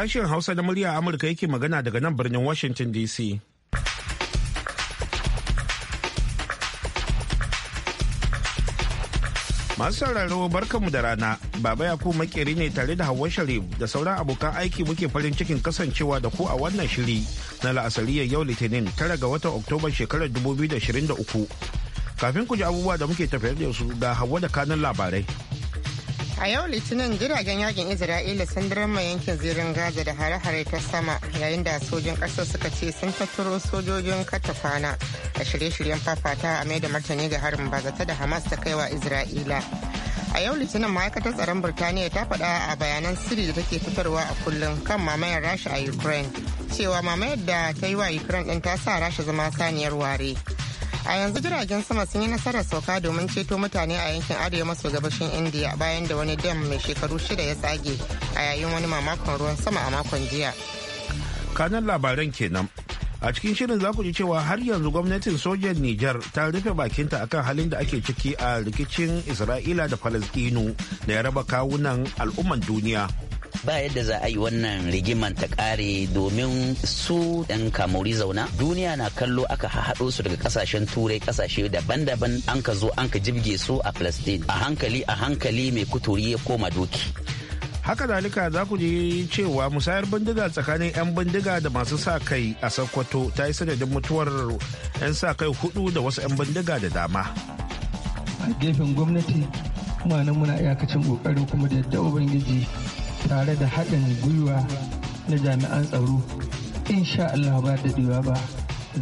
Sashen Hausa na murya Amurka yake magana daga nan birnin Washington DC. Masu sauraro barkanmu da rana, Baba Yakubu makeri ne tare da Hawwa Sharif da sauran abokan aiki muke farin cikin kasancewa da ku a wannan shiri na la'asariyar yau Litinin tara ga watan Oktoba shekarar 2023. Kafin ku ji abubuwa da muke tafiyar da su ga hawa da kanun labarai. A yau Litinin jiragen yakin Isra'ila sun dirama yankin zirin Gaza da hare-hare ta sama yayin da sojin ƙasar suka ce sun tattaro sojojin katafana a shirye-shiryen fafata a mai da martani ga harin bazata da Hamas ta kaiwa Isra'ila. A yau Litinin ma'aikatar tsaron Birtaniya ta faɗa a bayanan sirri da take fitarwa a kullum kan mamayar Rasha a Ukraine cewa mamayar da ta yi wa Ukraine ɗin ta sa Rasha zama saniyar ware. a yanzu jiragen sama sun yi nasarar sauka domin ceto mutane a yankin arewa maso gabashin india bayan da wani dam mai shekaru shida ya tsage a yayin wani mamakon ruwan sama a makon jiya kanan labaran kenan a cikin shirin za ku ji cewa har yanzu gwamnatin sojan Nijar ta rufe bakinta a kan halin da ake ciki a rikicin Isra'ila da Falasɗinu da ya raba kawunan al'umman duniya. ba yadda za a yi wannan rigiman ta kare domin su ɗan kamori zauna duniya na kallo aka haɗo su daga kasashen turai kasashe daban-daban an ka zo an ka jibge su a palestine a hankali a hankali mai kuturi ya koma doki haka dalika za ku ji cewa musayar bindiga tsakanin 'yan bindiga da masu sa kai a sokoto ta yi sanadin mutuwar 'yan sa kai hudu da wasu 'yan bindiga da dama a gefen gwamnati nan muna iyakacin kokari kuma da yadda ubangiji tare da haɗin gwiwa na jami'an tsaro insha Allah ba daɗewa ba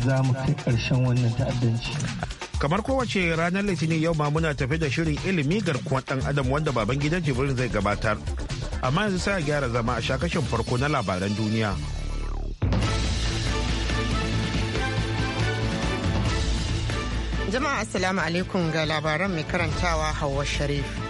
za mu kai ƙarshen wannan ta'addanci. kamar kowace ranar litinin yau ma muna tafi da shirin ilimi garkuwar ɗan adam wanda baban gidan jibrin zai gabatar amma yanzu sai a gyara zama a shakashin farko na labaran duniya jama'a assalamu alaikum ga labaran mai karantawa hawa sharif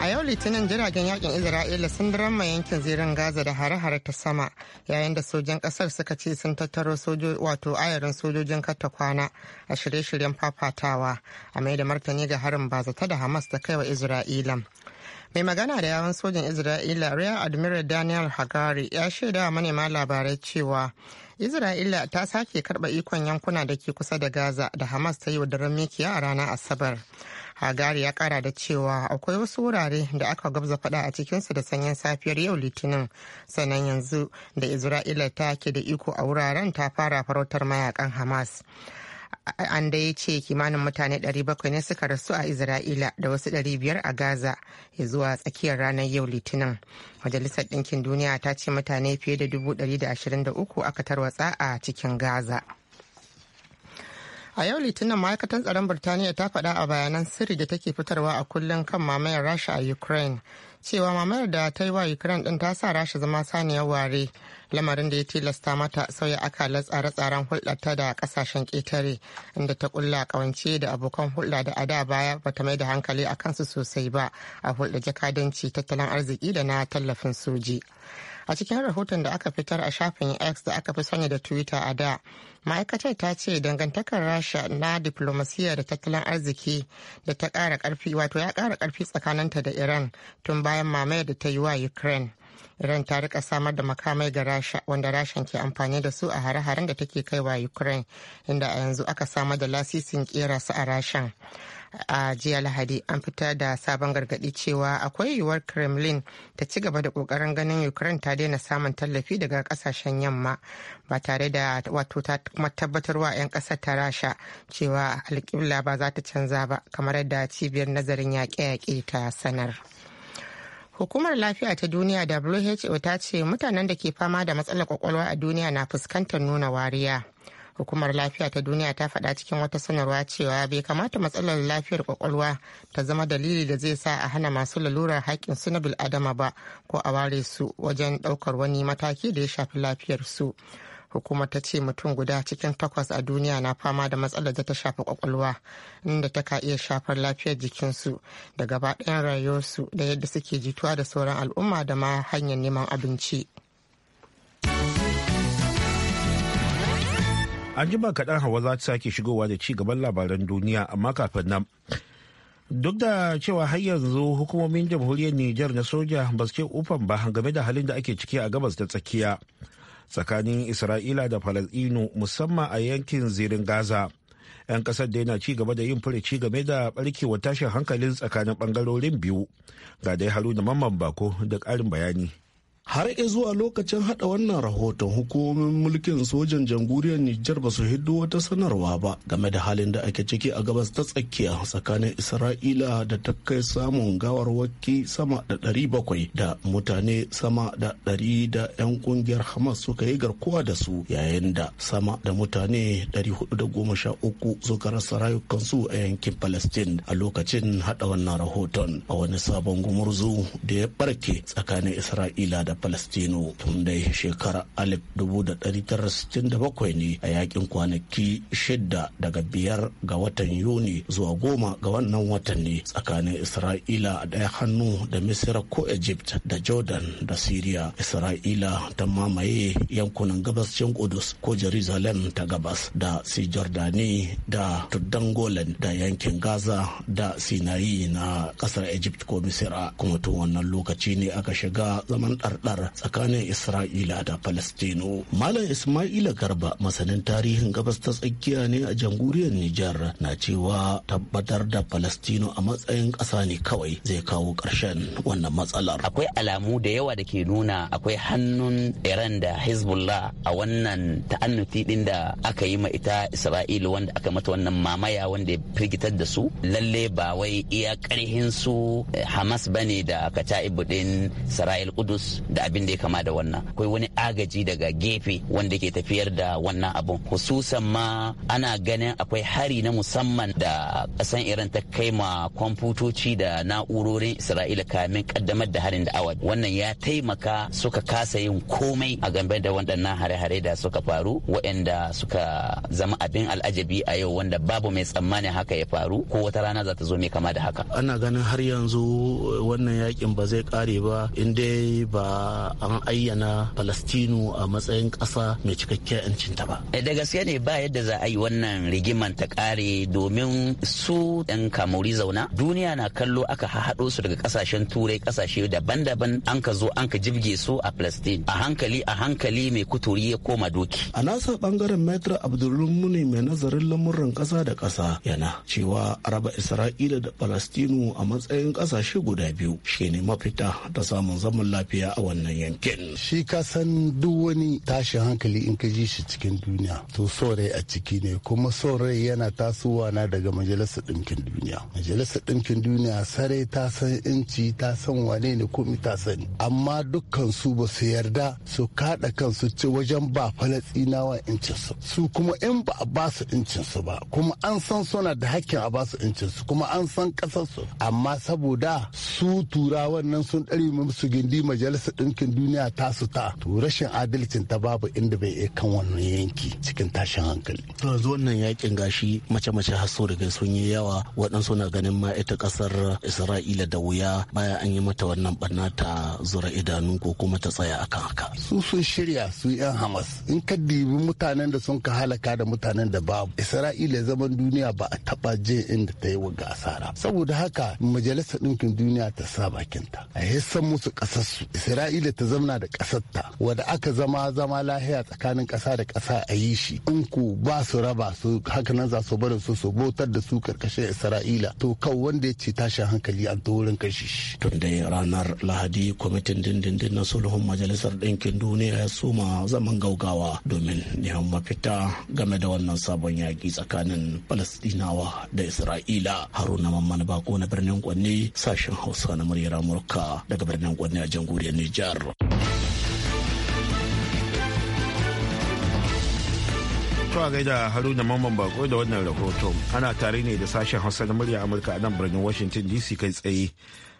a yau litinin jiragen yakin isra'ila sun ma yankin zirin gaza da hare-hare ta sama yayin da sojan kasar suka ce sun tattaro wato ayarin sojojin kata kwana a shirye-shiryen fafatawa a mai da martani ga harin bazata da hamas ta kaiwa isra'ila mai magana da yawan sojan isra'ila rear admiral daniel hagari ya shaida manema labarai cewa isra'ila ta sake karba ikon yankuna da ke kusa da gaza da hamas ta yi wa daren mikiya a ranar asabar hagari ya kara da cewa akwai wasu wurare da aka gabza fada a cikinsu da sanyin safiyar yau litinin sannan yanzu da isra'ila ta ke da iko a wuraren ta fara farautar mayakan hamas an da ya ce kimanin mutane 700 ne suka rasu a isra'ila da wasu 500 a gaza ya zuwa tsakiyar ranar yau litinin majalisar ɗinkin duniya ta ce mutane fiye da 123 aka tarwatsa a cikin gaza A yau Litinin ma'aikatan tsaron Birtaniya ta faɗa a bayanan sirri da take fitarwa a kullum kan mamayar Rasha a Ukraine cewa mamayar da ta yi wa Ukraine ɗin ta sa Rasha zama saniyar ware lamarin da ya tilasta mata sauya akalar tsare-tsaren ta da ƙasashen ƙetare inda ta kulla ƙawance da abokan hulɗa da ada baya ba ta mai da hankali a kansu sosai ba a hulɗa jakadanci tattalin arziki da na tallafin soji. a cikin rahoton da aka fitar a shafin x da aka fi sani da twitter a da ma'aikatar ta ce dangantakar rasha na diplomasiya da tattalin arziki da ta kara karfi wato ya kara karfi tsakaninta da iran tun bayan mamayar da ta yi wa ukraine Iran ta rika samar da makamai ga Rasha wanda Rashan ke amfani da su a hare-haren da take kai wa Ukraine inda a yanzu aka samar da lasisin kera su a Rashan. a jiya lahadi an fita da sabon gargaɗi, cewa akwai yiwuwar kremlin ta ci gaba da kokarin ganin ukraine ta daina samun tallafi daga kasashen yamma ba tare da wato ta tabbatarwa 'yan kasar ta rasha cewa alkibla ba za ta canza ba kamar yadda cibiyar nazarin yaƙe-yaƙe ta sanar. Hukumar Lafiya ta Duniya WHO ta ce mutanen da ke fama da matsalar kwakwalwa a duniya na fuskantar nuna wariya. hukumar lafiya ta duniya ta faɗa cikin wata sanarwa cewa bai kamata matsalar lafiyar kwakwalwa ta zama dalili da zai sa a hana masu lalurar haƙƙin su na bil'adama ba ko a ware su wajen ɗaukar wani mataki da ya shafi lafiyar su hukumar ta ce mutum guda cikin takwas a duniya na fama da matsalar da ta shafi kwakwalwa inda ta ka iya shafar lafiyar jikinsu da gaba ɗayan rayuwarsu da yadda suke jituwa da sauran al'umma da ma hanyar neman abinci. an ji ba kaɗan hawa za ta sake shigowa da ci gaban labaran duniya amma kafin nan duk da cewa har yanzu hukumomin jamhuriyar nijar na soja ba su ce ufan ba game da halin da ake ciki a gabas da tsakiya tsakanin isra'ila da falasɗinu musamman a yankin zirin gaza 'yan kasar da yana ci gaba da yin furici game da ɓarkewar tashin hankalin tsakanin bangarorin biyu ga dai haruna mamman bako da karin bayani har zuwa lokacin hada wannan rahoton hukumomin mulkin sojan jamhuriyar Nijar ba su hiddo wata sanarwa ba game da halin da ake ciki a gabas ta tsakiya tsakanin Isra'ila da ta kai samun waki sama da 700 da mutane sama da 100 da 'yan kungiyar Hamas suka yi garkuwa da su yayin da sama da mutane uku suka rasa rayukansu a yankin Palestine a lokacin hada wannan rahoton a wani sabon gumurzu da ya barke tsakanin Isra'ila da palestino tun dai shekarar 1967 ne a yakin kwanaki shidda daga biyar ga watan yuni zuwa goma ga wannan watan ne tsakanin isra'ila a ɗaya hannu da misira ko egypt da jordan da syria isra'ila ta mamaye yankunan gabascin kudus ko jerusalem ta gabas da si jordani da tuddan golan da yankin gaza da sinayi na kasar egypt ko misira kuma tun wannan lokaci ne aka shiga zaman hulɗar tsakanin Isra'ila da Falastino. Malam Ismaila Garba masanin tarihin gabas ta tsakiya ne a jamhuriyar Nijar na cewa tabbatar da Falastino a matsayin ƙasa ne kawai zai kawo ƙarshen wannan matsalar. Akwai alamu da yawa da ke nuna akwai hannun Iran da Hezbollah a wannan ta'annuti din da aka yi ma ita Isra'ila wanda aka mata wannan mamaya wanda ya firgitar da su. Lalle ba wai iya ƙarhin su eh, Hamas bane da Kataibu ibudin Sara'il Kudus da abin da ya kama da wannan akwai wani agaji daga gefe wanda ke tafiyar da wannan abun hususan ma ana ganin akwai hari na musamman da kasan iran ta kai ma kwamfutoci da na'urorin isra'ila kamin kaddamar da harin da awa wannan ya taimaka suka kasa yin komai a game da waɗannan hare-hare da suka faru waɗanda suka zama abin al'ajabi a yau wanda babu mai tsammanin haka ya faru ko wata rana za ta zo mai kama da haka ana ganin har yanzu wannan yakin ba zai kare ba in dai ba an ayyana Falastinu a matsayin ƙasa mai cikakken 'yancinta ba. Eh, da gaske ne ba yadda za a yi wannan rigiman ta ƙare domin su ɗan kamori zauna duniya na kallo aka haɗo su daga ƙasashen turai ƙasashe daban-daban an ka zo an ka jibge su a palestin a hankali a hankali mai kuturi ya koma doki. A nasa ɓangaren Maitre Abdulmuni mai nazarin lamuran ƙasa da ƙasa yana cewa araba Isra'ila da Palestinu a matsayin ƙasashe guda biyu shine mafita da samun zaman lafiya a wannan yankin. Shi ka san duk wani tashin hankali in ka ji shi cikin duniya to rai a ciki ne kuma rai yana tasowa na daga majalisar ɗinkin duniya. Majalisar ɗinkin duniya sarai ta san inci ta san wane ne komi ta sani amma dukkan su ba su yarda su kaɗa kansu ci wajen ba falastinawa incin su kuma in ba a ba su incinsu ba kuma an san suna da hakkin a ba su su kuma an san su. amma saboda su turawan nan sun ɗari musu gindi majalisar ɗinkin duniya ta su ta to rashin adalcin ta babu inda bai iya kan wannan yanki cikin tashin hankali to yanzu wannan yakin gashi mace-mace har daga sun yi yawa waɗansu na ganin ma ita ƙasar isra'ila da wuya baya an yi mata wannan barna ta zura idanu ko kuma ta tsaya akan haka su sun shirya su yan hamas in ka dibi mutanen da sun ka halaka da mutanen da babu isra'ila zaman duniya ba a taɓa je inda ta yi wa asara saboda haka majalisar ɗinkin duniya ta sa bakinta a san musu ƙasarsu isra'ila isra'ila ta zamna da ƙasarta wadda aka zama zama lahiya tsakanin ƙasa da ƙasa a yi shi in ku ba su raba su haka nan za su barin su su botar da su karkashin isra'ila to kawai wanda ya ce tashin hankali a wurin kashi shi. tun dai ranar lahadi kwamitin dindindin na sulhun majalisar ɗinkin duniya ya suma zaman gaugawa domin neman mafita game da wannan sabon yaƙi tsakanin falastinawa da isra'ila haruna mamman bako na birnin kwanne sashen hausa na muryar amurka daga birnin kwanne a jamhuriyar nijar Nijar. To gaida Haruna Mamman Bako da wannan rahoto ana tare ne da sashen Hausa na murya Amurka a nan birnin Washington DC kai tsaye.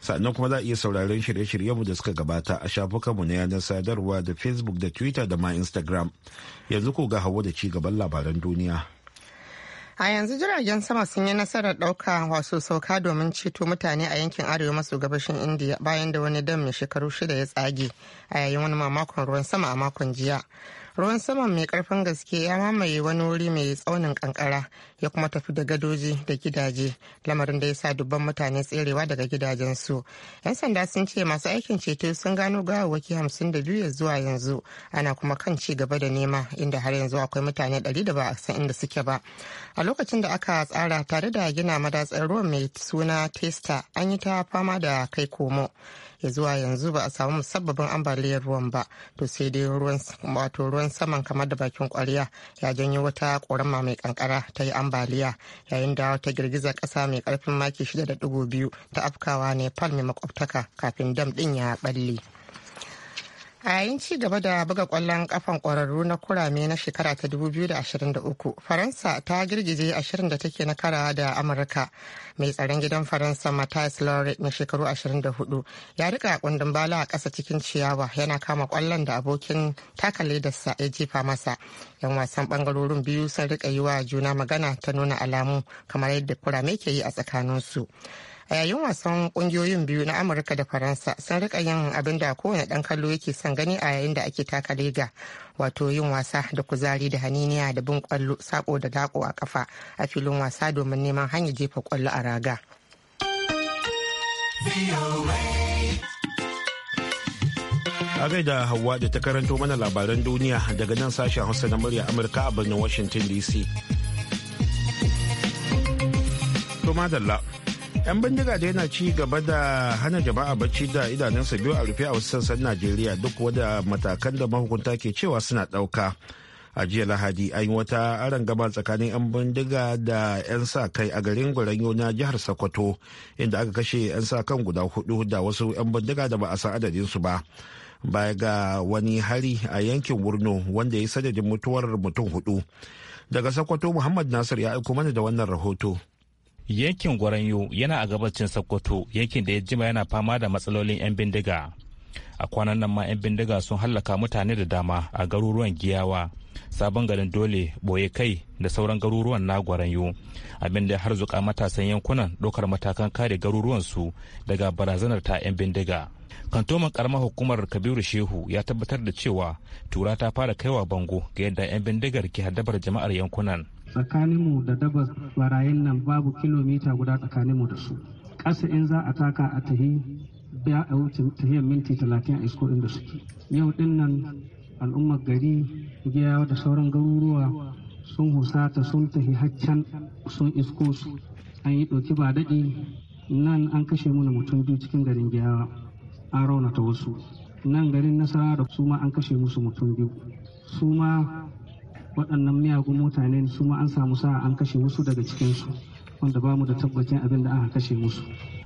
Sannan kuma za a iya sauraron shirye-shiryenmu da suka gabata a shafukanmu na yanar sadarwa da Facebook da Twitter da ma Instagram. Yanzu ko ga hawa da ci gaban labaran duniya. A yanzu jiragen sama sun yi nasarar ɗauka wasu sauka domin ceto mutane a yankin arewa maso gabashin Indiya bayan da wani dam mai shekaru shida ya tsage a yayin wani mamakon ruwan sama a makon jiya. Ruwan sama mai karfin gaske ya mamaye wani wuri mai tsaunin kankara ya kuma tafi da gadoji da gidaje lamarin da ya sa dubban mutane tserewa daga gidajensu yan sanda sun ce masu aikin ceto sun gano gawawwaki hamsin da biyu zuwa yanzu ana kuma kan ci gaba da nema inda har yanzu akwai mutane ɗari da ba a san inda suke ba a lokacin da aka tsara tare da gina madatsar ruwan mai suna testa an yi ta fama da kai komo ya zuwa yanzu ba a samu musabbabin ambaliyar ruwan ba to sai dai ruwan wato ruwan saman kamar da bakin kwarya ya janyo wata ƙorama mai kankara ta yi ambaliya yayin da wata girgizar kasa mai karfin maki 6.2 ta afkawa nepal mai makwabtaka kafin dam din ya balle. a yayin ci gaba da buga kwallon kafan kwararru na kurame na shekara ta 2023 faransa ta girgije ashirin da take na kara da amurka mai tsaron gidan faransa matthias Lauri mai shekaru 24 ya rika kundin bala a ƙasa cikin ciyawa yana kama kwallon da abokin takale da sa ya jefa masa yan wasan bangarorin biyu sun rika yi wa juna magana ta nuna alamu kamar yadda kurame ke yi a tsakaninsu a yayin wasan kungiyoyin biyu na amurka da faransa sun rika yin abin da kowane dan kallo yake son gani a yayin da ake taka lega wato yin wasa da kuzari da haniniya da bin kwallo sako da dako a kafa a filin wasa domin neman hanyar jefa kwallo a raga a da hawa da ta karanto mana labaran duniya daga nan sashen hausa na murya amurka a birnin washington dc 'yan bindiga da yana ci gaba da hana jama'a bacci da idanunsa biyu a rufe a wasu sassan najeriya duk wada matakan da mahukunta ke cewa suna ɗauka a jiya lahadi an yi wata gaba tsakanin 'yan bindiga da 'yan sa kai a garin gwaranyo na jihar sokoto inda aka kashe 'yan sa kan guda hudu da wasu 'yan bindiga da ba a san adadinsu ba baya ga wani hari a yankin wurno wanda ya yi sadadin mutuwar mutum hudu daga sokoto muhammad nasir ya aiko mana da wannan rahoto yankin gwaranyo yana a gabacin sokoto yankin da ya jima yana fama da matsalolin 'yan bindiga a kwanan nan ma 'yan bindiga sun hallaka mutane da dama a garuruwan giyawa sabon garin dole boye kai da sauran garuruwan na gwaranyo abinda ya harzuka matasan yankunan ɗaukar matakan kare garuruwan su daga barazanar ta 'yan bindiga kantoman karamar hukumar kabiru shehu ya tabbatar da cewa tura ta fara kaiwa bango ga yadda 'yan bindigar ke haddabar jama'ar yankunan tsakaninmu da daba barayin nan babu kilomita guda tsakaninmu da su ƙasa in za a taka a tahi ya a wuce tahiyar minti talatin a isko inda suke yau din nan al'ummar gari giya da sauran garuruwa sun husata sun tahi haccan sun isko su an yi ɗauki ba daɗi nan an kashe mana mutum biyu cikin garin giyawa an raunata wasu nan garin nasara da su ma an kashe musu mutum biyu su ma waɗannan miyagun mutane su ma an samu sa an kashe wasu daga cikinsu wanda ba mu da tabbacin abin da aka kashe musu.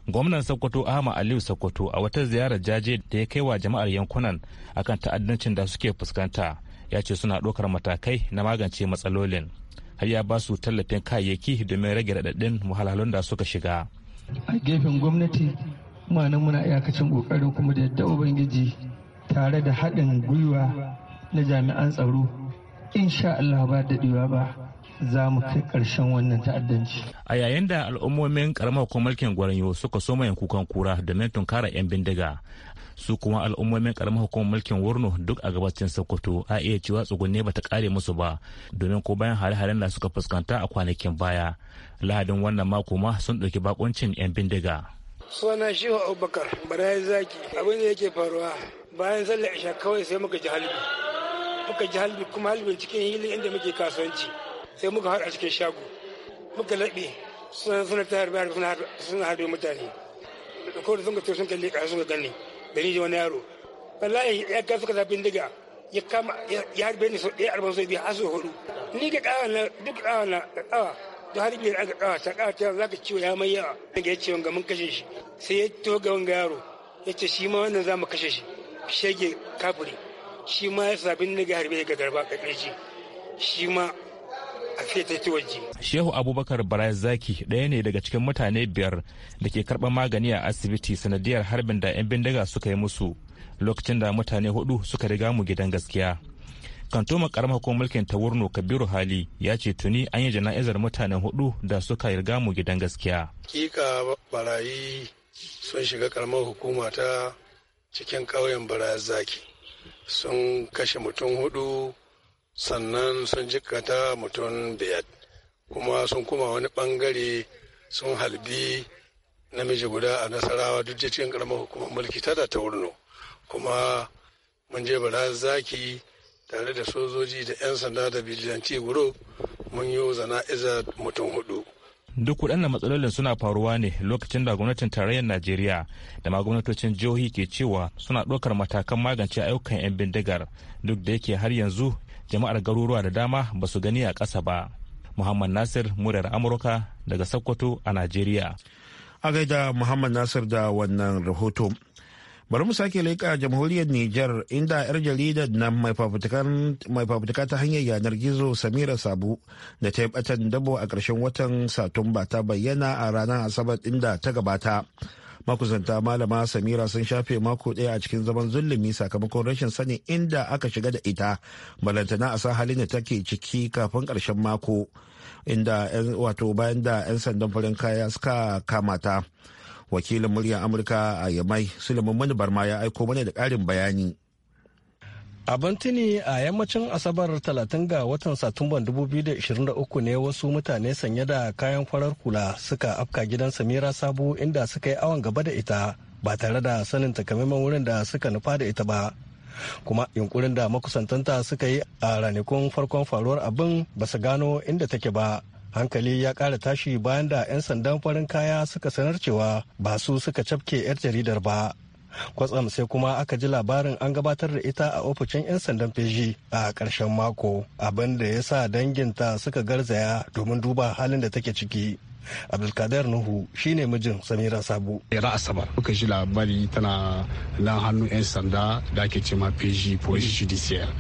gwamnan sokoto Ahama aliyu sokoto a wata ziyarar jaje da ya kai wa jama'ar yankunan akan ta'addancin da suke fuskanta ya ce suna ɗaukar matakai na magance matsalolin har ya ba su tallafin kayayyaki domin rage raɗaɗin wahalhalun da suka shiga a gefen gwamnati ma'anin muna iyakacin ƙoƙarin kuma da yadda ubangiji tare da haɗin gwiwa na jami'an tsaro insha Allah ba daɗewa ba za mu kai ƙarshen wannan ta'addanci. A yayin da al'ummomin ƙaramar mulkin Gwaranyo suka soma yin kukan kura domin tunkara 'yan bindiga. Su kuma al'ummomin karamar hukumar mulkin Wurno duk a gabacin Sokoto a iya cewa tsugunne ba ta kare musu ba domin ko bayan hare-haren da suka fuskanta a kwanakin baya. Lahadin wannan mako ma sun ɗauki bakuncin 'yan bindiga. Suna Shehu Abubakar, yi Zaki, abin da yake faruwa bayan sallar isha kawai sai muka ji halibi. muka ji halbi kuma halbi cikin hili inda muke kasuwanci sai muka haɗa cikin shago muka laɓe suna ta harbe harbe suna harbe mutane da kawai sun ka sun kalli ƙasa sun ka gani da ni wani yaro wallahi ya ka suka zafin diga ya kama ya harbe ni sau ɗaya arba'in sau biyu har sau hudu ni ga ƙawa na duk ƙawa na ƙawa da harbi biyar aka ƙawa ta ƙawa ta za ka ciwo ya mai yawa daga ya ce wanga mun kashe shi sai ya to ga wanga yaro ya ce shi ma wannan za mu kashe shi shege kafuri shi ma ya sabin na harbe ga garba kakirji shi ma a fita ta waje. Shehu Abubakar Barayazaki Zaki ɗaya ne daga cikin mutane biyar da ke karɓar magani a asibiti sanadiyar harbin da 'yan bindiga suka yi musu lokacin da mutane hudu suka riga mu gidan gaskiya. kantoma karamar hukumar mulkin ta wurno kabiru hali ya ce tuni an yi jana'izar mutanen hudu da suka riga mu gidan gaskiya kika barayi sun shiga karamar hukuma ta cikin ƙauyen barazaki sun kashe mutum hudu sannan sun jikata mutum biyar kuma sun kuma wani bangare sun halbi namiji guda a nasarawa duk da cikin karamar hukumar mulki ta da taurino kuma mun je bara zaki tare da sojoji da 'yan sanda da bijilanci guro mun yi zana iza mutum hudu duk waɗannan matsalolin suna faruwa ne lokacin da gwamnatin tarayyar najeriya da ma gwamnatocin jihohi ke cewa suna ɗaukar matakan magance ayyukan 'yan bindigar duk da yake har yanzu jama'ar garuruwa da dama ba su gani a ƙasa ba muhammad nasir muryar amurka daga sokoto a najeriya a gaida muhammad nasir da wannan rahoto bari mu sake leƙa jamhuriyar niger inda 'yar jaridar nan mai fafutuka ta hanyar yanar gizo samira sabu da ta yi batan dabo a ƙarshen watan satumba ta bayyana a ranar asabar inda ta gabata makusanta malama samira sun shafe mako ɗaya a cikin zaman zulumi sakamakon rashin sanin inda aka shiga da ita balantana a san halin da take ciki kafin ƙarshen mako inda wato bayan da 'yan sandan farin kaya suka kamata wakilin muryar amurka a yamai suleiman mani barma ya aiko mana da ƙarin bayani abin tuni a yammacin asabar talatin ga watan satumban 2023 ne wasu mutane sanye da kayan farar kula suka afka gidan samira sabo inda suka yi awon gaba da ita ba tare da sanin takamaiman wurin da suka nufa da ita ba kuma yunkurin da makusantanta suka yi a ranakun farkon faruwar abin ba su gano inda take ba hankali ya ƙara tashi bayan da 'yan sandan farin kaya suka sanar cewa ba su suka cafke 'yar jaridar ba kwatsam sai kuma aka ji labarin an gabatar da ita a ofishin 'yan sandan feji a karshen mako abin da ya sa danginta suka garzaya domin duba halin da take ciki abdulkadir nuhu shine mijin samira sabu ra asabar kuka ji labari tana nan hannun 'yan sanda da ake ce ma feji police judiciaire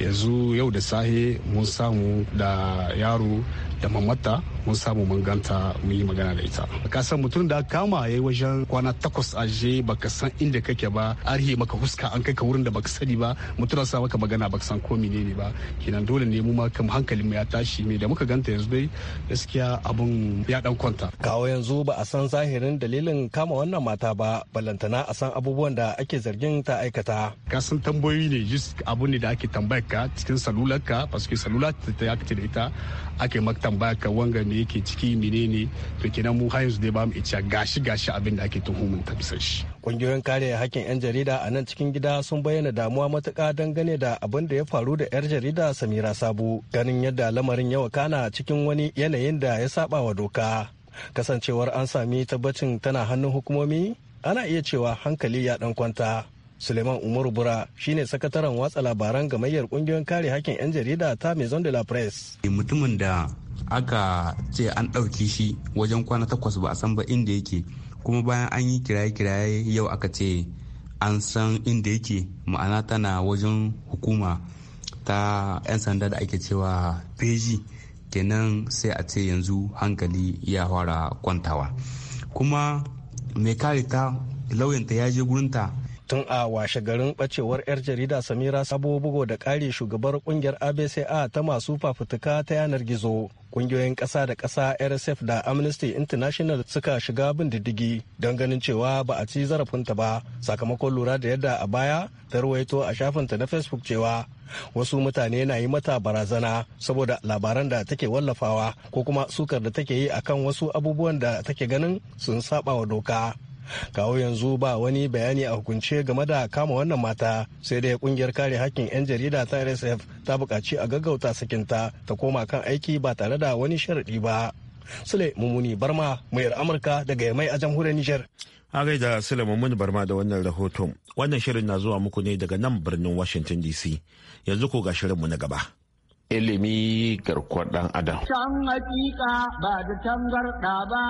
yanzu yau da sahe mun samu da yaro da mamata mun samu mun ganta mun yi magana da ita ka san mutum da kama yayi wajen kwana takwas a je baka san inda kake ba arhe maka huska an kai ka wurin da baka sani ba mutum sa maka magana baka san ko ne ba kenan dole ne mu ma kan hankalin mu ya tashi me da muka ganta yanzu dai gaskiya abun ya dan kwanta kawo yanzu ba a san zahirin dalilin kama wannan mata ba balantana a san abubuwan da ake zargin ta aikata ka san tambayoyi ne just abu ne da ake tambaya wayarka cikin salularka que salula ta aka da ita ake maka tambaya ka wanga ne yake ciki menene to kenan mu har yanzu dai ba mu iya gashi gashi abin da ake tuhumin ta bisa shi kungiyoyin kare hakkin yan jarida a nan cikin gida sun bayyana damuwa matuka dangane da abin da ya faru da yar jarida Samira Sabu ganin yadda lamarin ya wakana cikin wani yanayin da ya saba wa doka kasancewar an sami tabbacin tana hannun hukumomi ana iya cewa hankali ya dan kwanta Suleiman Umaru Bura shine sakataren watsa labaran gamayyar kungiyoyin kare hakkin 'yan jarida ta Maison de la Presse. Eh, mutumin da aka ce an ɗauki shi wajen kwana takwas ba a san ba inda yake kuma bayan an yi kiraye-kiraye yau aka ce an san inda yake ma'ana tana wajen hukuma ta 'yan sanda da ake cewa peji kenan sai a ce yanzu hankali ya fara kwantawa kuma mai kare ta lauyanta ya je gurinta tun a washe garin bacewar 'yar jarida samira sabo bugo da kare shugabar kungiyar abca ta masu fafutuka ta yanar gizo kungiyoyin ƙasa da ƙasa rsf da amnesty international suka shiga bin diddigi don ganin cewa ba a ci zarafinta ba sakamakon lura da yadda a baya ta ruwaito a shafinta na facebook cewa wasu mutane na yi mata barazana saboda labaran da take wallafawa ko kuma sukar da take yi akan wasu abubuwan da take ganin sun saba wa doka kawo yanzu ba wani bayani a hukunce game da kama wannan mata sai dai kungiyar kare hakkin 'yan jarida ta rsf ta buƙaci a gaggauta sakinta ta koma kan aiki ba tare da wani sharaɗi ba sule mummuni barma mayar amurka daga yamai a jamhuriyar nijar a gaida sule mummuni barma da wannan rahoton wannan shirin na zuwa muku ne daga nan birnin washington dc yanzu ko ga shirinmu na gaba ilimi garkuwar ɗan adam. Can hakika ba da tangarɗa ba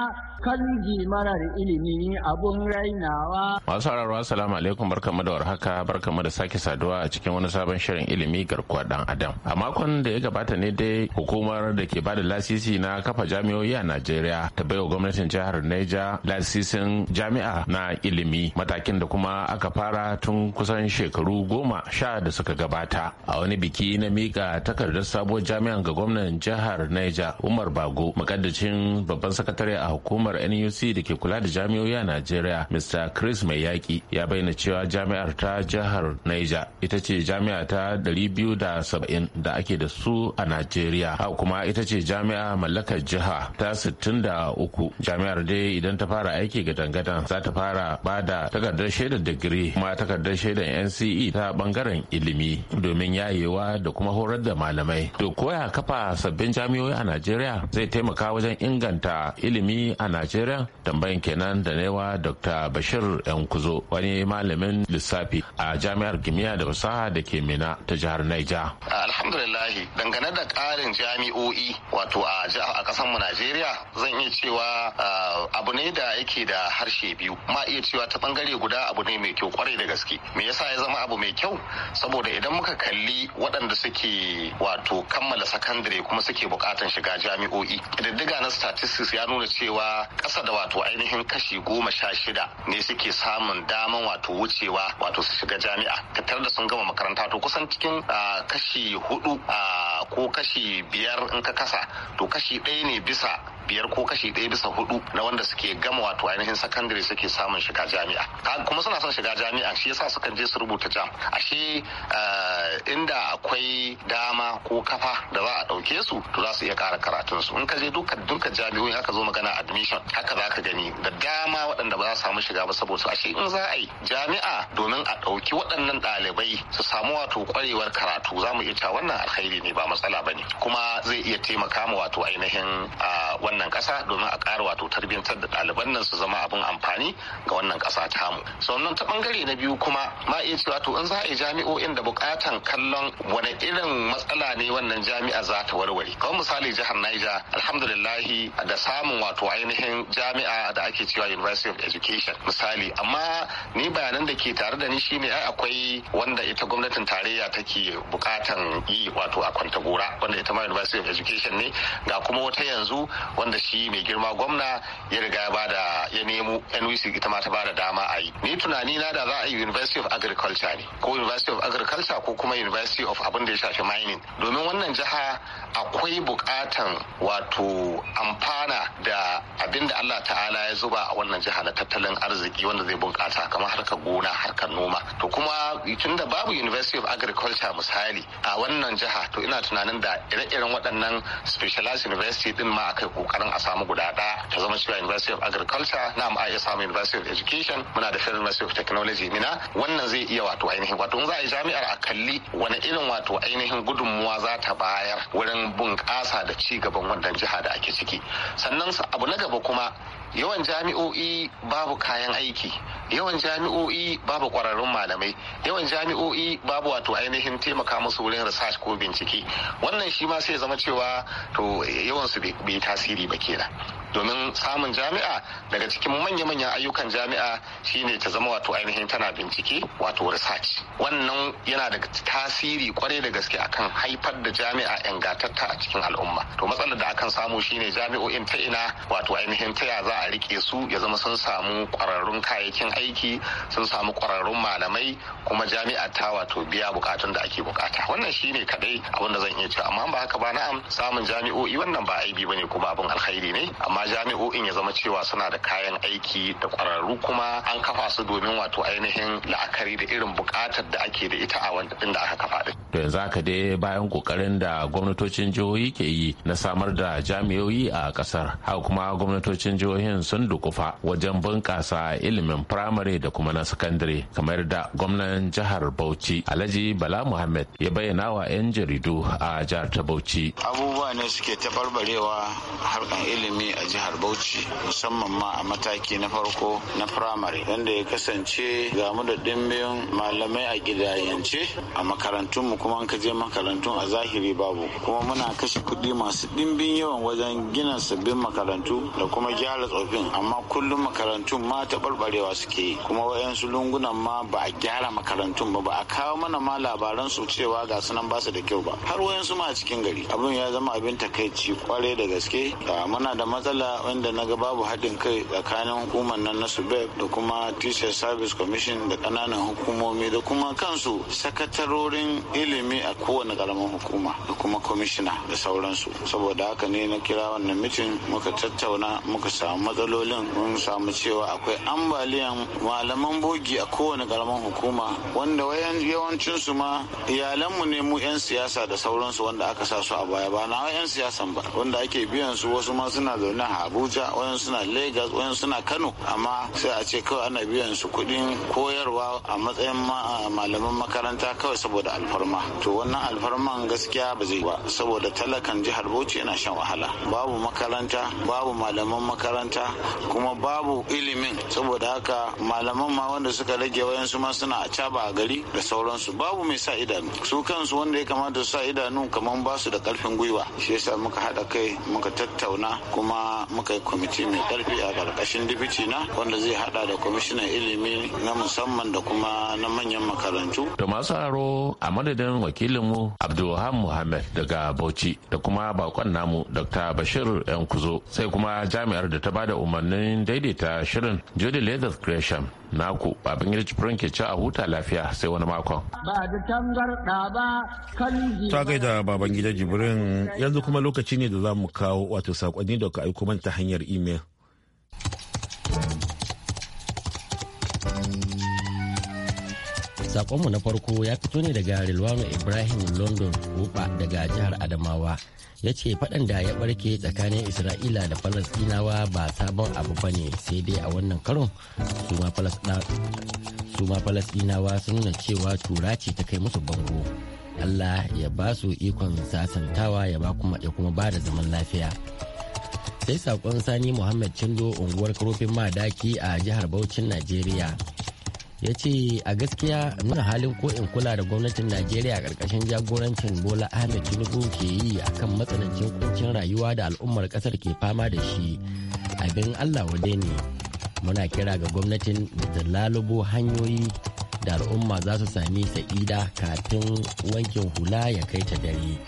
kan marar ilimi abun rainawa. Masu hararwa salamu alaikum barkamu da warhaka barkamu da sake saduwa a cikin wani sabon shirin ilimi garkuwar ɗan adam. A makon da ya gabata ne dai hukumar da ke bada lasisi na kafa jami'o'i a Najeriya ta baiwa gwamnatin jihar Neja lasisin jami'a na ilimi matakin da kuma aka fara tun kusan shekaru goma sha da suka gabata a wani biki na miƙa takardar sabuwar jami'an ga gwamnan jihar Niger Umar Bago makaddacin babban sakatare a hukumar NUC da ke kula da jami'o'i a Najeriya Mr. Chris Mai Yaki ya bayyana cewa jami'ar ta jihar Niger ita ce jami'a ta 270 da ake da su a Najeriya haka kuma ita ce jami'a mallakar jiha ta 63 jami'ar dai idan ta fara aiki ga dangadan za ta fara ba da takardar shaidar digiri kuma takardar shaidar NCE ta bangaren ilimi domin yayewa da kuma horar da malamai malamai to koya kafa sabbin jami'oi a najeriya zai taimaka wajen inganta ilimi a najeriya tambayin kenan da newa dr bashir kuzo wani malamin lissafi a jami'ar kimiyya da fasaha da ke mina ta jihar naija alhamdulillahi dangane da karin jami'o'i wato a kasan mu najeriya zan iya cewa ah, abu ne da yake da harshe biyu ma iya cewa ta bangare guda abu ne mai kyau kwarai da gaske me yasa ya zama abu mai kyau saboda idan muka kalli waɗanda suke wato wato kammala sakandare kuma suke bukatan shiga jami'o'i ƙididdiga na statistics ya nuna cewa ƙasa da wato ainihin kashi goma sha shida ne suke samun daman wato wucewa wato su shiga jami'a tattare da sun gama makaranta to kusan cikin kashi hudu ko kashi biyar in ka kasa to kashi ɗaya ne bisa biyar ko kashi ɗaya bisa hudu na wanda suke gama wato ainihin sakandare suke samun shiga jami'a kuma suna son shiga jami'a shi yasa sukan je su rubuta jam ashe eh, inda akwai dama ko kafa da za a ɗauke su to za su iya kara karatun su in ka je duka dukkan jami'o'i haka zo magana admission haka za ka gani da dama waɗanda ba za su samu shiga ba saboda ashe in za a yi jami'a domin a ɗauki waɗannan ɗalibai su samu wato ƙwarewar karatu za mu iya cewa wannan alkhairi ne ba matsala ba ne kuma zai iya taimaka ma wato ainihin ah, wannan wannan ƙasa domin a ƙara wato tarbiyyantar da ɗaliban nan su zama abin amfani ga wannan ƙasa tamu sannan ta ɓangare na biyu kuma ma iya cewa to in za a yi jami'o'in da buƙatan kallon wani irin matsala ne wannan jami'a za ta warware kamar misali jihar Niger alhamdulillahi da samun wato ainihin jami'a da ake cewa University of Education misali amma ni bayanan da ke tare da ni shine ai akwai wanda ita gwamnatin tarayya take buƙatan yi wato a gora wanda ita ma University of Education ne ga kuma wata yanzu wanda shi mai girma gwamna ya riga ya bada ya nemo NUC ita ma ta bada dama a yi ni tunani na da za a yi University of Agriculture ne ko University of Agriculture ko kuma University of abin da ya shafi mining domin wannan jiha akwai bukatan wato amfana da abin da Allah ta'ala ya zuba a wannan jiha na tattalin arziki wanda zai bunkasa kamar harkar gona harkar noma to kuma tun da babu University of Agriculture misali a wannan jiha to ina tunanin da ire-iren waɗannan specialized university din ma akai kuka kokarin a samu guda ɗaya ta zama cewa University of Agriculture na a iya samu University of Education muna da Federal University of Technology mina wannan zai iya wato ainihin wato in za a yi jami'ar a kalli wani irin wato ainihin gudunmuwa za ta bayar wurin bunƙasa da ci gaban wannan jiha da ake ciki sannan abu na gaba kuma yawan jami'o'i babu kayan aiki yawan jami'o'i babu kwararrun malamai yawan jami'o'i babu wato ainihin taimaka musu wurin research ko bincike wannan shi ma sai zama cewa to yawan su bai tasiri ba kenan domin samun jami'a daga cikin manya-manyan ayyukan jami'a shine ta zama wato ainihin tana bincike wato research wannan yana da tasiri kwarai da gaske akan haifar da jami'a ingantatta a cikin al'umma to matsalar da akan samu shine jami'o'in ta ina wato ainihin ta ya za a rike su ya zama sun samu kwararrun kayayyakin aiki sun samu kwararrun malamai kuma jami'a ta wato biya bukatun da ake bukata wannan shine kadai abin da zan iya cewa amma ba haka ba na'am samun jami'o'i wannan ba aibi bane kuma abin alkhairi ne amma jami'o'in ya zama cewa suna da kayan aiki da kwararru kuma an kafa su domin wato ainihin la'akari da irin bukatar da ake da ita a wani da aka kafa to yanzu haka dai bayan kokarin da gwamnatocin jihohi ke yi na samar da jami'o'i a kasar haka kuma gwamnatocin jihohin sun dukufa wajen bunƙasa ilimin firamare da kuma na sakandare kamar da gwamnan jihar bauchi alhaji bala muhammed ya bayyana wa 'yan jaridu a jihar ta bauchi abubuwa ne suke tabarbarewa harkan ilimi a jihar Bauchi musamman ma a mataki na farko na firamare wanda ya kasance ga mu da dimbin malamai a gidayance a makarantunmu kuma an ka je makarantun a zahiri babu kuma muna kashe kuɗi masu dimbin yawan wajen gina sabbin makarantu da kuma gyara tsofin amma kullum makarantun ma ta barbarewa suke kuma wayansu lungunan ma ba a gyara makarantun ba ba a kawo mana ma labaran su cewa ga sunan basu da kyau ba har wayansu ma a cikin gari abin ya zama abin takaici kwarai da gaske ah, muna da matsala matsala wanda na ga babu haɗin kai tsakanin hukumar nan na subeb da kuma teacher service commission da ƙananan hukumomi da kuma kansu sakatarorin ilimi a kowane ƙaramin hukuma da kuma komishina da sauransu saboda haka ne na kira wannan mitin muka tattauna muka samu matsalolin mun samu cewa akwai ambaliyan malaman bogi a kowane ƙaramin hukuma wanda yawancinsu ma iyalanmu ne mu 'yan siyasa da sauransu wanda aka sa su a baya ba na 'yan siyasan ba wanda ake biyan su wasu ma suna zaune nan a abuja wayan suna lagos wayan suna kano amma sai a ce kawai ana biyan su kuɗin koyarwa a matsayin malaman makaranta kawai saboda alfarma to wannan alfarman gaskiya ba zai ba saboda talakan jihar bauchi yana shan wahala babu makaranta babu malaman makaranta kuma babu ilimin saboda haka malaman ma wanda suka rage wayan su ma suna a caba a gari da sauransu babu mai sa idanu su kansu wanda ya kamata su sa idanu kamar ba su da karfin gwiwa shi yasa muka haɗa kai muka tattauna kuma muka yi kwamiti mai karfi a karkashin dibici na wanda zai hada da kwamishinan ilimi na musamman da kuma na manyan makarantu. Da masu aro a madadin wakilinmu Abdulham muhammed daga Bauchi da kuma bakon namu Dr. Bashir yan kuzo sai kuma jami'ar da ta bada umarnin daidaita shirin Jody leather Gresham naku abin yarji ke ci a huta lafiya sai wani makon. Ta gaida baban jibrin yanzu kuma lokaci ne da za mu kawo wato sakonni da ka aiko kuma ta hanyar imel. Sakonmu na farko ya fito ne daga Rilwano Ibrahim London Ruba daga jihar Adamawa. ya ce faɗan da ya ɓarke tsakanin isra'ila da falasɗinawa ba sabon abu ba ne sai dai a wannan karon su ma falasɗinawa sun nuna cewa tura ce ta kai musu bango allah ya ba su ikon sasantawa ya ba kuma ya kuma ba da zaman lafiya sai sakon sani muhammad cindo unguwar karofin madaki a jihar Bauchin najeriya ya ce a gaskiya nuna halin ko in kula da gwamnatin najeriya karkashin jagorancin bola ahmed tinubu ke yi a kan matsanancin kuncin rayuwa da al'ummar kasar ke fama da shi abin allah wade ne muna kira ga gwamnatin da lalubo hanyoyi da al'umma za su sami sa'ida kafin wankin hula ya kai ta dare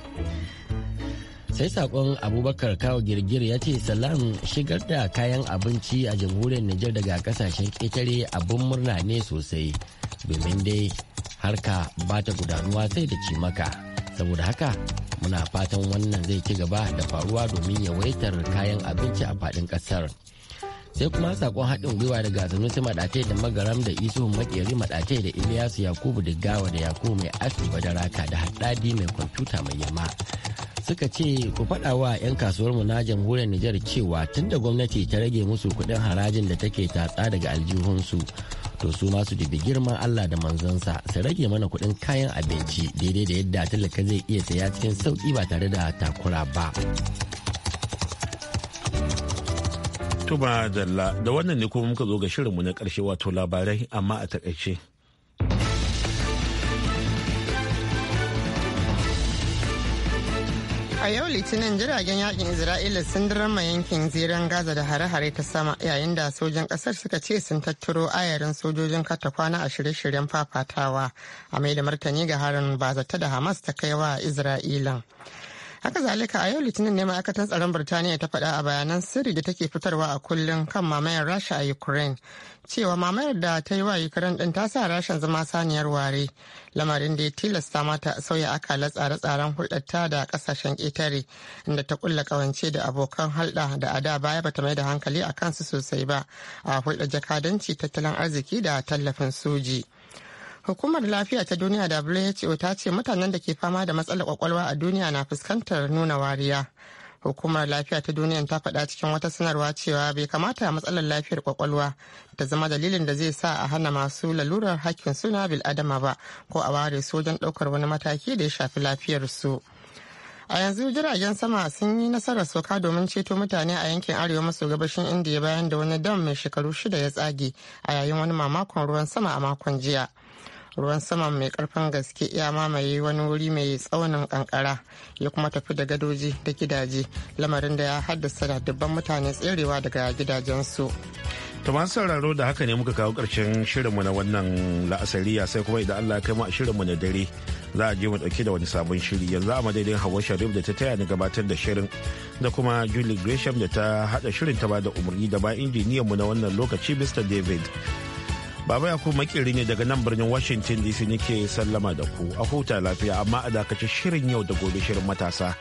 sai sakon abubakar kawo girgir ya ce salam shigar da kayan abinci a jamhuriyar niger daga kasashen ƙetare abin murna ne sosai domin dai harka ba ta gudanuwa sai da cimaka saboda haka muna fatan wannan zai ci gaba da faruwa domin yawaitar kayan abinci a fadin ƙasar sai kuma sakon haɗin gwiwa daga sanusi maɗatai da magaram da iso makeri maɗatai da iliyasu yakubu da gawa da yakubu mai da badaraka da haɗadi mai kwamfuta mai yamma. suka ce ku faɗa wa 'yan kasuwarmu na jamhuriyar Nijar cewa tun da gwamnati ta rage musu kuɗin harajin da take tatsa daga aljihunsu to su masu dubi girman Allah da manzansa su rage mana kuɗin kayan abinci daidai da yadda talaka zai iya saya cikin sauƙi ba tare da takura ba. Tuba da wannan ne kuma muka zo ga shirinmu na ƙarshe wato labarai amma a takaice. A yau Litinin jiragen yakin Isra'ila sun dirama yankin zirin Gaza da hare-hare ta sama yayin da sojan kasar suka ce sun tattaro ayarin sojojin katakwana a shirye-shiryen fafatawa a mai da martani ga harin bazata da Hamas ta kai wa Isra'ilan. haka zalika a yau litinin ne ma'aikatan tsaron birtaniya ta faɗa a bayanan sirri da take fitarwa a kullum kan mamayar rasha a ukraine cewa mamayar da ta yi wa ukraine din ta sa rashin zama saniyar ware lamarin da ya tilasta mata sauya akala tsare-tsaren hulɗarta da ƙasashen ƙetare inda ta kulla ƙawance da abokan hulɗa da ada da baya bata mai da hankali a kansu sosai ba a hulɗar jakadanci tattalin arziki da tallafin soji. Hukumar lafiya ta duniya da WHO ta ce mutanen da ke fama da matsalar kwakwalwa a duniya na fuskantar nuna wariya. Hukumar lafiya ta duniya ta faɗa cikin wata sanarwa cewa bai kamata matsalar lafiyar kwakwalwa ta zama dalilin da zai sa a hana masu lalurar hakkin suna bil'adama ba ko a ware su wajen ɗaukar wani mataki da ya shafi lafiyar su. a yanzu jiragen sama sun yi nasarar sauka domin ceto mutane a yankin arewa maso gabashin indiya bayan da wani dam mai shekaru shida ya tsage a yayin wani mamakon ruwan sama a makon jiya ruwan saman mai karfin gaske ya mamaye wani wuri mai tsaunin kankara ya kuma tafi da gadoji da gidaje lamarin da ya haddasa da dubban mutane tserewa daga gidajensu. ta masu sauraro da haka ne muka kawo karshen shirinmu na wannan la'asariya sai kuma idan Allah kai mu a shirinmu na dare za a je mu ɗauki da wani sabon shiri yanzu a madadin hawa Sharif da ta taya ni gabatar da shirin da kuma Julie Gresham da ta haɗa shirin ta ba da umarni da ba injiniyanmu na wannan lokaci Mr. David. Baba Yakubu makirin ne daga nan birnin Washington DC nake sallama da ku a huta lafiya amma a dakace shirin yau da gobe shirin matasa